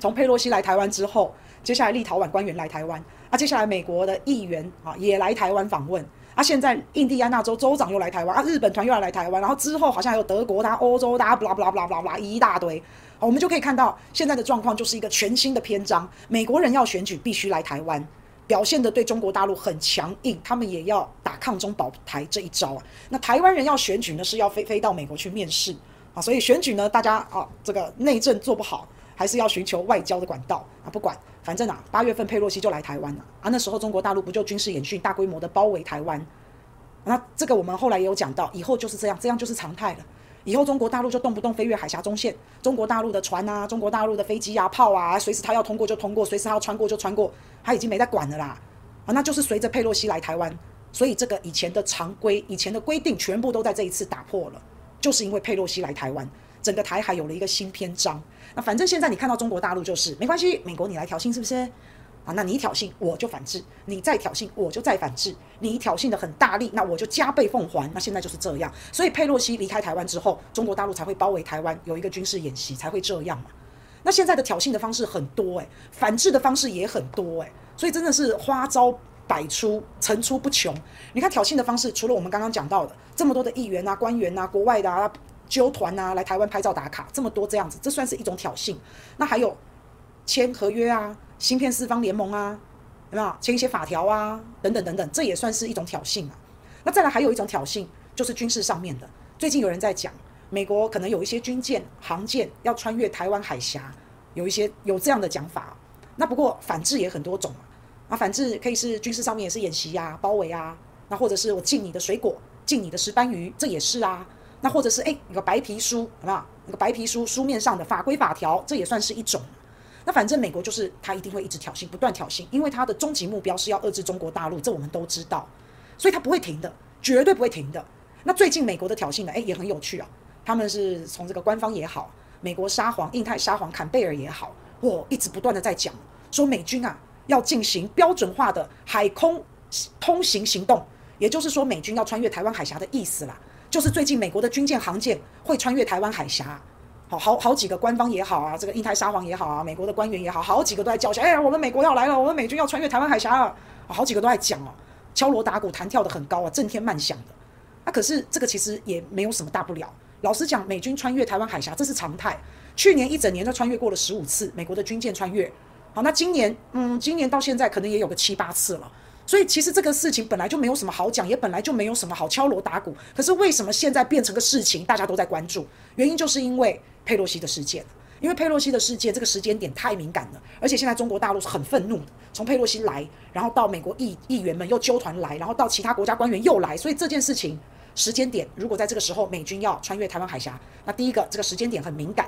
從佩洛西來台灣之後，接下來立陶宛官員來台灣，啊，接下來美國的議員啊也來台灣訪問，啊，現在印第安納州州長又來台灣，啊，日本團又要來台灣，然後之後好像還有德國、大歐洲、大家不啦不啦不啦不啦啦一大堆，好，啊，我們就可以看到現在的狀況就是一個全新的篇章。美國人要選舉必須來台灣，表現的對中國大陸很強硬，他們也要打抗中保台這一招啊。那台灣人要選舉呢是要飛飛到美國去面試啊，所以選舉呢大家啊這個內政做不好。還是要尋求外交的管道啊！不管，反正啊，八月份佩洛西就來台灣了啊，啊！那時候中國大陸不就軍事演訓，大規模的包圍台灣啊？那這個我們後來也有講到，以後就是這樣，這樣就是常態了。以後中國大陸就動不動飛越海峽中線，中國大陸的船啊，中國大陸的飛機啊、炮啊，隨時他要通過就通過，隨時他要穿過就穿過，他已經沒在管了啦！啊，那就是隨着佩洛西來台灣，所以這個以前的常規、以前的規定全部都在這一次打破了，就是因為佩洛西來台灣。整個台海有了一個新篇章。那反正現在你看到中國大陸就是沒關係，美國你來挑釁是不是？啊，那你挑釁我就反制，你再挑釁我就再反制，你挑釁的很大力，那我就加倍奉還。那現在就是這樣，所以佩洛西離開台灣之後，中國大陸才會包圍台灣，有一個軍事演習才會這樣嘛。那現在的挑釁的方式很多誒、欸，反制的方式也很多誒、欸。所以真的是花招百出，層出不窮。你看挑釁的方式，除了我們剛剛講到的這麼多的議員啊、官員啊、國外的啊。揪團啊，來台灣拍照打卡這麼多這樣子，這算是一種挑釁。那還有簽合約啊，芯片四方聯盟啊，有沒有簽一些法條啊，等等等等，這也算是一種挑釁啊。那再來還有一種挑釁就是軍事上面的，最近有人在講美國可能有一些軍艦、航艦要穿越台灣海峽，有一些有這樣的講法。那不過反制也很多種啊，那反制可以是軍事上面也是演習啊，包圍啊，那或者是我禁你的水果，禁你的石斑魚，這也是啊。那或者是哎，一個白皮書，好不好？一個白皮書書面上的法規法條，這也算是一種。那反正美國就是他一定會一直挑釁，不斷挑釁，因為他的終極目標是要遏制中國大陸，這我們都知道，所以他不會停的，絕對不會停的。那最近美國的挑釁呢，誒，也很有趣啊。他們是從這個官方也好，美國沙皇、印太沙皇坎貝爾也好，我一直不斷的在講，說美軍啊要進行標準化的海空通行行動，也就是說美軍要穿越台灣海峽的意思啦。就是最近美國的軍艦、航艦會穿越台灣海峽，好好好幾個官方也好啊，這個印太沙皇也好啊，美國的官員也好，好幾個都在叫囂，哎、欸，我們美國要來了，我們美軍要穿越台灣海峽了，好幾個都在講哦，敲鑼打鼓，彈跳得很高啊，震天漫響的。那、啊、可是這個其實也沒有什麼大不了，老實講，美軍穿越台灣海峽這是常態，去年一整年都穿越過了十五次，美國的軍艦穿越。好，那今年嗯，今年到現在可能也有個七八次了。所以其實這個事情本來就沒有什麼好講，也本來就沒有什麼好敲鑼打鼓。可是為什麼現在變成個事情，大家都在關注？原因就是因為佩洛西的事件，因為佩洛西的事件這個時間點太敏感了。而且現在中國大陸是很憤怒的，從佩洛西來，然後到美國議議員們又揪團來，然後到其他國家官員又來。所以這件事情時間點，如果在這個時候美軍要穿越台灣海峽，那第一個這個時間點很敏感，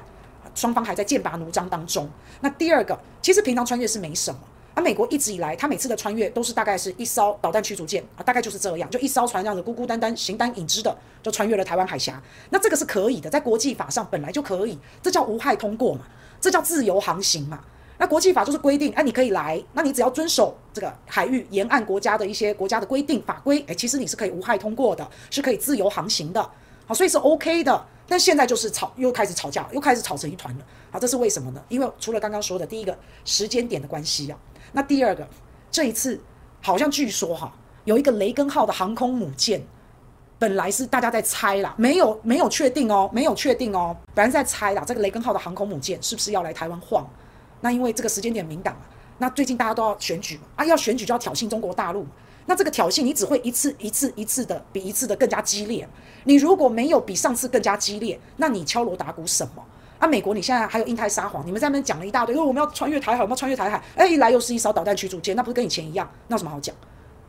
雙方還在劍拔弩張當中。那第二個，其實平常穿越是沒什麼。而、啊、美國一直以來，它每次的穿越都是大概是一艘導彈驅逐艦啊，大概就是這樣，就一艘船這樣子孤孤單單、形單影只的就穿越了台灣海峽。那這個是可以的，在國際法上本來就可以，這叫無害通過嘛，這叫自由航行嘛。那國際法就是規定，哎、啊，你可以來，那你只要遵守這個海域沿岸國家的一些國家的規定法規，哎、欸，其實你是可以無害通過的，是可以自由航行的，好，所以是 OK 的。但現在就是吵，又開始吵架，又開始吵成一團了。好，這是為什麼呢？因為除了剛剛說的第一個時間點的關係啊，那第二個，這一次好像據說哈、啊，有一個雷根號的航空母艦，本來是大家在猜啦，沒有沒有確定哦、喔，沒有確定哦，反正在猜啦。這個雷根號的航空母艦是不是要來台灣晃？那因為這個時間點敏感啊，那最近大家都要選舉嘛，啊，要選舉就要挑釁中國大陸嘛。那這個挑釁，你只會一次一次一次的比一次的更加激烈。你如果沒有比上次更加激烈，那你敲鑼打鼓什麼啊？美國，你現在還有印太撒謊，你們在那邊講了一大堆，因、哦、為我們要穿越台海，我們要穿越台海，哎、欸，一來又是一艘導彈驅逐艦，那不是跟以前一樣，那有什麼好講？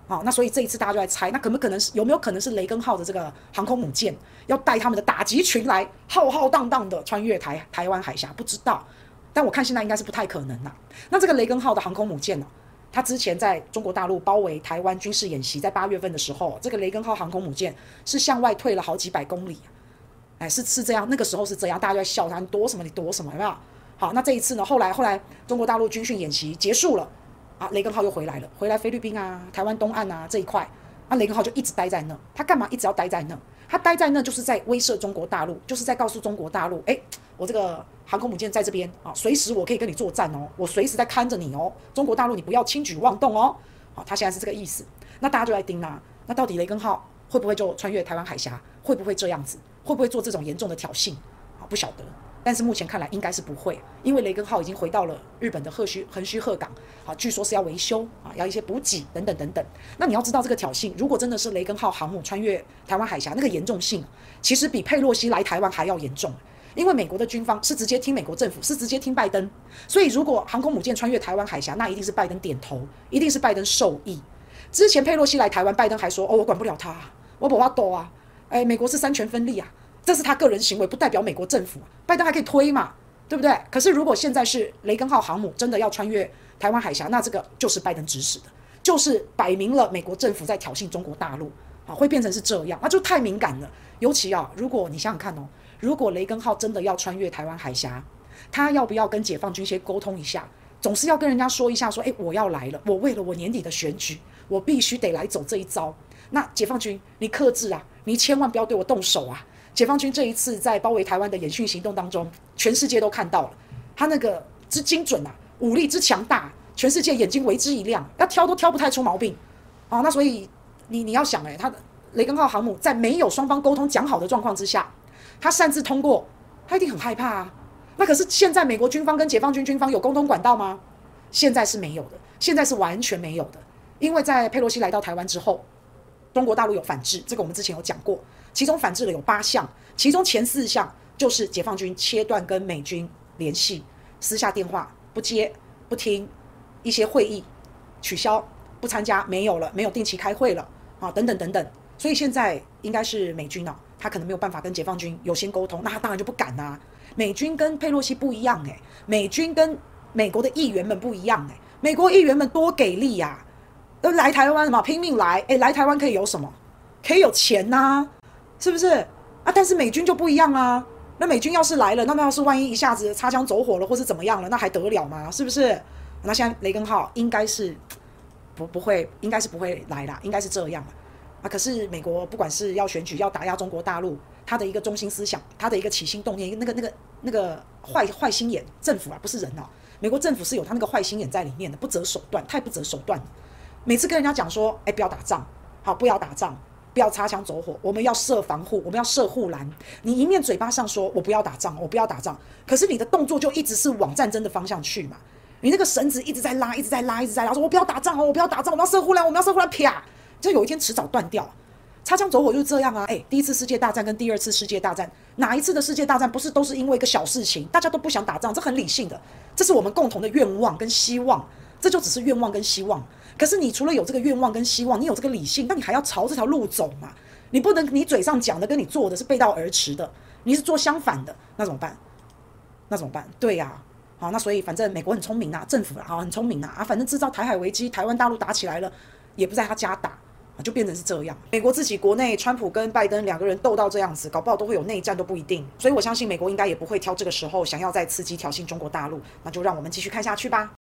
好、哦，那所以這一次大家就在猜，那可不可能是有沒有可能是雷根號的這個航空母艦要帶他們的打擊群來浩浩蕩蕩的穿越台台灣海峽？不知道，但我看現在應該是不太可能了、啊。那這個雷根號的航空母艦呢、啊？他之前在中國大陸包圍台灣軍事演習，在八月份的時候，這個雷根號航空母艦是向外退了好幾百公里，哎，是是這樣，那個時候是這樣，大家在笑他躲什麼？你躲什麼？好不好？好，那這一次呢？後來後來，中國大陸軍訓演習結束了，啊，雷根號又回來了，回來菲律賓啊，台灣東岸啊這一塊，那雷根號就一直待在那，他幹嘛一直要待在那？他待在那，就是在威懾中國大陸，就是在告訴中國大陸：哎，我這個航空母艦在這邊啊，隨時我可以跟你作戰哦，我隨時在看着你哦，中國大陸你不要輕舉妄動哦。好，他現在是這個意思，那大家就在盯啦、啊，那到底雷根號會不會就穿越台灣海峽？會不會這樣子？會不會做這種嚴重的挑釁？啊，不曉得。但是目前看來應該是不會，因為雷根號已經回到了日本的鶴須橫須賀港，啊。據說是要維修啊，要一些補給等等等等。那你要知道這個挑釁，如果真的是雷根號航母穿越台灣海峽，那個嚴重性其實比佩洛西來台灣還要嚴重，因為美國的軍方是直接聽美國政府，是直接聽拜登，所以如果航空母艦穿越台灣海峽，那一定是拜登點頭，一定是拜登授意。之前佩洛西來台灣，拜登還說哦，我管不了他，我管不著啊，誒、欸，美國是三權分立啊。這是他個人行為，不代表美國政府啊。拜登還可以推嘛，對不對？可是如果現在是雷根號航母真的要穿越台灣海峽，那這個就是拜登指使的，就是擺明了美國政府在挑釁中國大陸啊，會變成是這樣，那就太敏感了。尤其啊，如果你想想看哦，如果雷根號真的要穿越台灣海峽，他要不要跟解放軍先溝通一下？總是要跟人家說一下說，說哎，我要來了，我為了我年底的選舉，我必須得來走這一招。那解放軍，你克制啊，你千萬不要對我動手啊。解放軍這一次在包圍台灣的演訓行動當中，全世界都看到了他那個之精準啊，武力之強大，全世界眼睛為之一亮，他挑都挑不太出毛病，啊、哦，那所以你你要想，欸，誒，他的雷根號航母在沒有雙方溝通講好的狀況之下，他擅自通過，他一定很害怕啊。那可是現在美國軍方跟解放軍軍方有溝通管道嗎？現在是沒有的，現在是完全沒有的，因為在佩洛西來到台灣之後，中國大陸有反制，這個我們之前有講過。其中反制了有八項，其中前四項就是解放軍切斷跟美軍聯繫，私下電話不接不聽，一些會議取消不參加，沒有了，沒有定期開會了啊，等等等等。所以現在應該是美軍吶，他可能沒有辦法跟解放軍有先溝通，那他當然就不敢吶。美軍跟佩洛西不一樣誒，美軍跟美國的議員們不一樣誒，美國議員們多給力呀，都來台灣了嘛，拼命來哎，來台灣可以有什麼？可以有錢吶。是不是啊？但是美軍就不一樣啊。那美軍要是來了，那麼要是萬一一下子擦槍走火了，或是怎麼樣了，那還得了嘛？是不是？那現在雷根號應該是不不會，應該是不會來啦。應該是這樣啊，可是美國不管是要選舉，要打壓中國大陸，他的一個中心思想，他的一個起心動念，那個那個那個壞壞心眼，政府啊，不是人啊，美國政府是有他那個壞心眼在裡面的，不擇手段，太不擇手段了。每次跟人家講說，哎，不要打仗，好，不要打仗。不要擦槍走火，我們要設防護，我們要設護欄。你一面嘴巴上說“我不要打仗，我不要打仗”，可是你的動作就一直是往戰爭的方向去嘛。你那個繩子一直在拉，一直在拉，一直在拉，說我“我不要打仗哦，我不要打仗，我們要設護欄，我們要設護欄”，啪，就有一天遲早斷掉。擦槍走火就是這樣啊。誒、欸，第一次世界大戰跟第二次世界大戰，哪一次的世界大戰不是都是因為一個小事情，大家都不想打仗，這很理性的，這是我們共同的願望跟希望。這就只是願望跟希望，可是你除了有這個願望跟希望，你有這個理性，那你還要朝這條路走嘛？你不能你嘴上講的跟你做的是背道而馳的，你是做相反的，那怎麼辦？那怎麼辦？對呀、啊，好，那所以反正美國很聰明吶、啊，政府啊很聰明吶啊，反正製造台海危機，台灣大陸打起來了，也不在他家打啊，就變成是這樣。美國自己國內川普跟拜登兩個人鬥到這樣子，搞不好都會有內戰都不一定。所以我相信美國應該也不會挑這個時候想要再刺激挑釁中國大陸，那就讓我們繼續看下去吧。